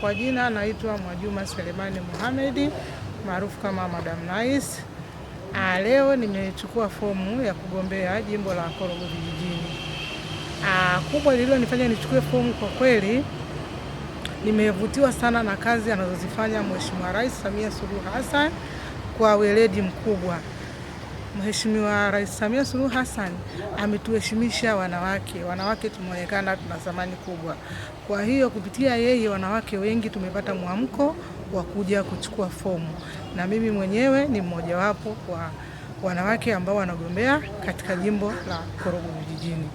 Kwa jina naitwa Mwajuma Selemani muhamedi maarufu kama Madam Nice. Ah, leo nimechukua fomu ya kugombea jimbo la Korogwe Vijijini. Ah, kubwa lililonifanya nichukue fomu kwa kweli Nimevutiwa sana na kazi anazozifanya Mheshimiwa Rais Samia Suluhu Hassan kwa weledi mkubwa. Mheshimiwa Rais Samia Suluhu Hassan ametuheshimisha wanawake. Wanawake tumeonekana tuna thamani kubwa, kwa hiyo kupitia yeye wanawake wengi tumepata mwamko wa kuja kuchukua fomu, na mimi mwenyewe ni mmojawapo wa wanawake ambao wanagombea katika jimbo la Korogwe Vijijini.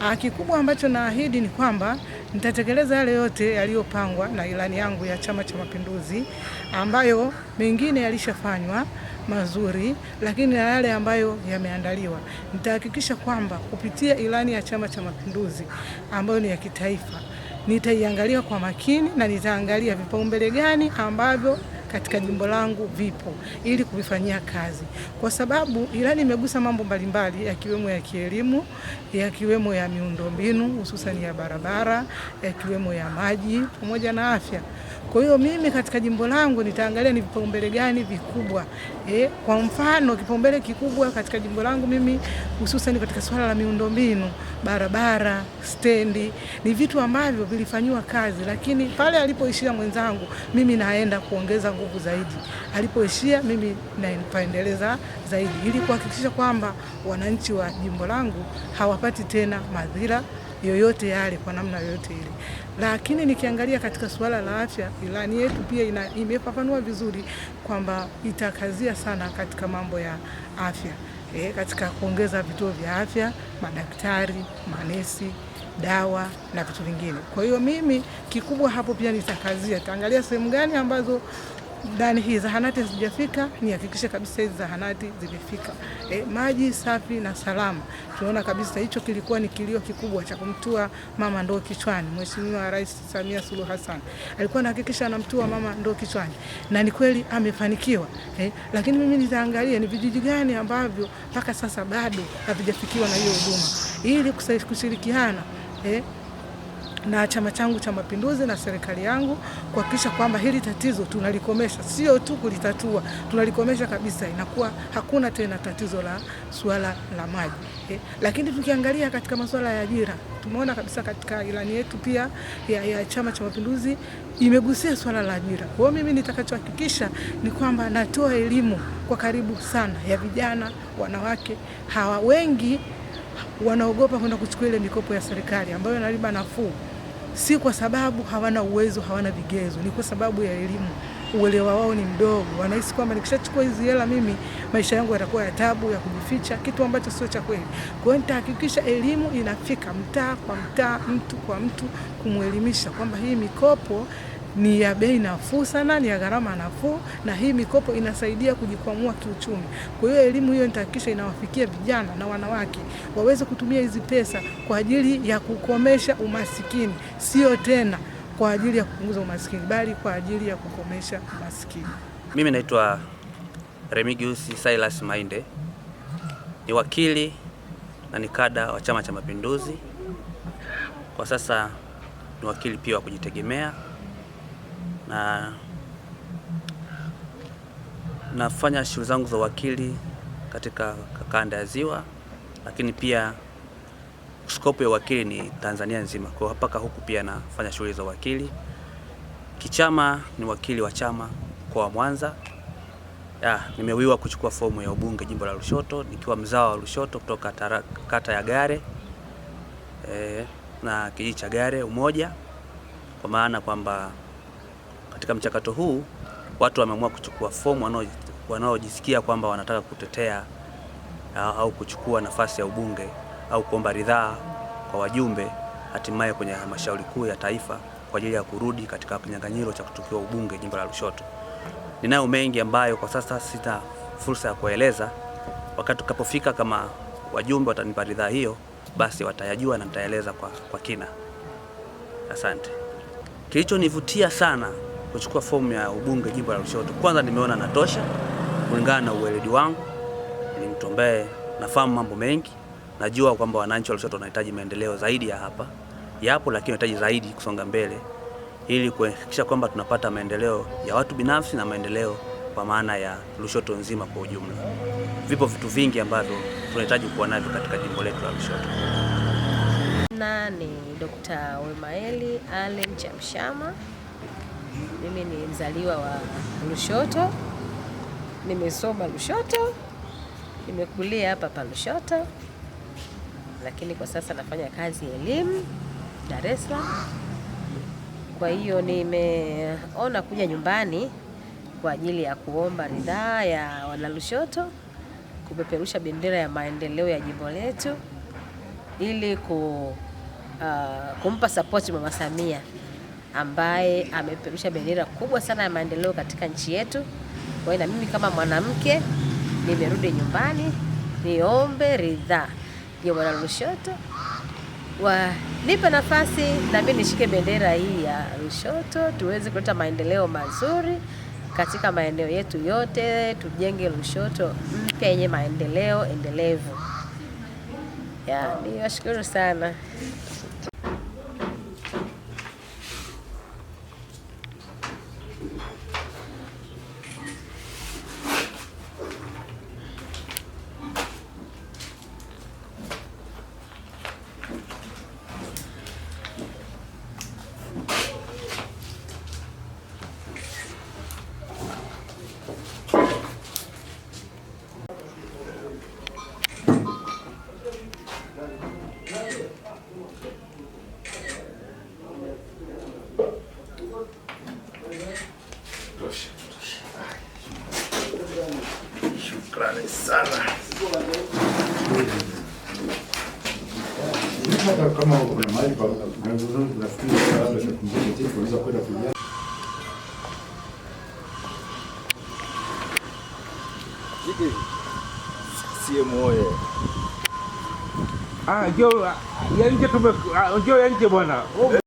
Ah, kikubwa ambacho naahidi ni kwamba nitatekeleza yale yote yaliyopangwa na ilani yangu ya Chama cha Mapinduzi, ambayo mengine yalishafanywa mazuri, lakini na yale ambayo yameandaliwa, nitahakikisha kwamba kupitia ilani ya Chama cha Mapinduzi ambayo ni ya kitaifa, nitaiangalia kwa makini na nitaangalia vipaumbele gani ambavyo katika jimbo langu vipo ili kuvifanyia kazi, kwa sababu ilani imegusa mambo mbalimbali yakiwemo ya kielimu, yakiwemo ya miundombinu hususan ya barabara, yakiwemo ya maji pamoja na afya. Kwa hiyo mimi katika jimbo langu nitaangalia ni vipaumbele gani vikubwa. Eh, kwa mfano kipaumbele kikubwa katika jimbo langu mimi hususan katika swala la miundombinu, barabara, stendi ni vitu ambavyo vilifanyiwa kazi, lakini pale alipoishia mwenzangu mimi naenda kuongeza nguvu zaidi. Alipoishia mimi naendeleza zaidi ili kuhakikisha kwamba wananchi wa jimbo langu hawapati tena madhila yoyote yale kwa namna yoyote ile. Lakini nikiangalia katika suala la afya, ilani yetu pia ina, imefafanua vizuri kwamba itakazia sana katika mambo ya afya e, katika kuongeza vituo vya afya, madaktari, manesi dawa na vitu vingine. Kwa hiyo mimi kikubwa hapo pia nitakazia, taangalia sehemu gani ambazo ndani hii zahanati hazijafika, nihakikishe kabisa hizi zahanati zimefika e, maji safi na salama. Tunaona kabisa hicho kilikuwa ni kilio kikubwa cha kumtua mama ndoo kichwani. Mheshimiwa Rais Samia Suluhu Hassan alikuwa anahakikisha anamtua mama ndoo kichwani, na ni kweli amefanikiwa e, lakini mimi nitaangalia ni vijiji gani ambavyo mpaka sasa bado havijafikiwa na hiyo huduma ili kushirikiana e, na chama changu cha Mapinduzi na serikali yangu kuhakikisha kwamba hili tatizo tunalikomesha, sio tu kulitatua, tunalikomesha kabisa, inakuwa hakuna tena tatizo la suala la maji eh. Lakini tukiangalia katika masuala ya ajira, tumeona kabisa katika ilani yetu pia ya, ya chama cha Mapinduzi imegusia swala la ajira. Kwa mimi nitakachohakikisha ni kwamba natoa elimu kwa karibu sana ya vijana, wanawake hawa wengi wanaogopa kwenda kuchukua ile mikopo ya serikali ambayo inaliba nafuu si kwa sababu hawana uwezo, hawana vigezo, ni kwa sababu ya elimu. Uelewa wao ni mdogo, wanahisi kwamba nikishachukua hizi hela mimi maisha yangu yatakuwa ya tabu, ya kujificha, kitu ambacho sio cha kweli. Kwa hiyo nitahakikisha elimu inafika mtaa kwa mtaa, mtu kwa mtu, kumwelimisha kwamba hii mikopo ni ya bei nafuu sana, ni ya gharama nafuu, na hii mikopo inasaidia kujikwamua kiuchumi. Kwa hiyo elimu hiyo nitahakikisha inawafikia vijana na wanawake waweze kutumia hizi pesa kwa ajili ya kukomesha umasikini, sio tena kwa ajili ya kupunguza umasikini, bali kwa ajili ya kukomesha umasikini. Mimi naitwa Remigius Silas Mainde, ni wakili na ni kada wa Chama cha Mapinduzi. Kwa sasa ni wakili pia wa kujitegemea na nafanya shughuli zangu za wakili katika kanda ya Ziwa, lakini pia scope ya wakili ni Tanzania nzima, kwa mpaka huku pia nafanya shughuli za wakili. Kichama ni wakili wa chama mkoa wa Mwanza. Nimewiwa kuchukua fomu ya ubunge jimbo la Lushoto nikiwa mzawa wa Lushoto kutoka tara, kata ya Gare e, na kijiji cha Gare Umoja, kwa maana kwamba katika mchakato huu watu wameamua kuchukua fomu wanaojisikia kwamba wanataka kutetea au kuchukua nafasi ya ubunge au kuomba ridhaa kwa wajumbe hatimaye kwenye halmashauri kuu ya taifa kwa ajili ya kurudi katika kinyang'anyiro cha kutukiwa ubunge jimbo la Lushoto. Ninayo mengi ambayo kwa sasa sina fursa ya kueleza. Wakati tukapofika, kama wajumbe watanipa ridhaa hiyo, basi watayajua na nitaeleza kwa, kwa kina. Asante. Kilichonivutia sana kuchukua fomu ya ubunge jimbo la Lushoto, kwanza nimeona natosha kulingana na ueledi wangu. Ni mtu ambaye nafahamu mambo mengi, najua kwamba wananchi wa Lushoto wanahitaji maendeleo zaidi ya hapa yapo, lakini wanahitaji zaidi kusonga mbele ili kuhakikisha kwamba tunapata maendeleo ya watu binafsi na maendeleo kwa maana ya Lushoto nzima kwa ujumla. Vipo vitu vingi ambavyo tunahitaji kuwa navyo katika jimbo letu la Lushoto. Na ni Dr. Wemaeli Allen Chamshama. Mimi ni mzaliwa wa Lushoto, nimesoma Lushoto, nimekulia hapa pa Lushoto, lakini kwa sasa nafanya kazi elimu Dar es Salaam. Kwa hiyo nimeona kuja nyumbani kwa ajili ya kuomba ridhaa ya wanalushoto kupeperusha bendera ya maendeleo ya jimbo letu ili ku, uh, kumpa sapoti Mama Samia ambaye amepeperusha bendera kubwa sana ya maendeleo katika nchi yetu. Kwa hiyo na mimi kama mwanamke nimerudi nyumbani niombe ridhaa ya Bwana Lushoto nipe nafasi na mimi nishike bendera hii ya Lushoto, tuweze kuleta maendeleo mazuri katika maeneo yetu yote, tujenge Lushoto mpya yenye maendeleo endelevu. Ya, niwashukuru sana. kama kuna mahali nafikiri labda takumbuka unaweza kwenda kuja Ah, njoo ah, ya nje tume, njoo ah, ya nje bwana.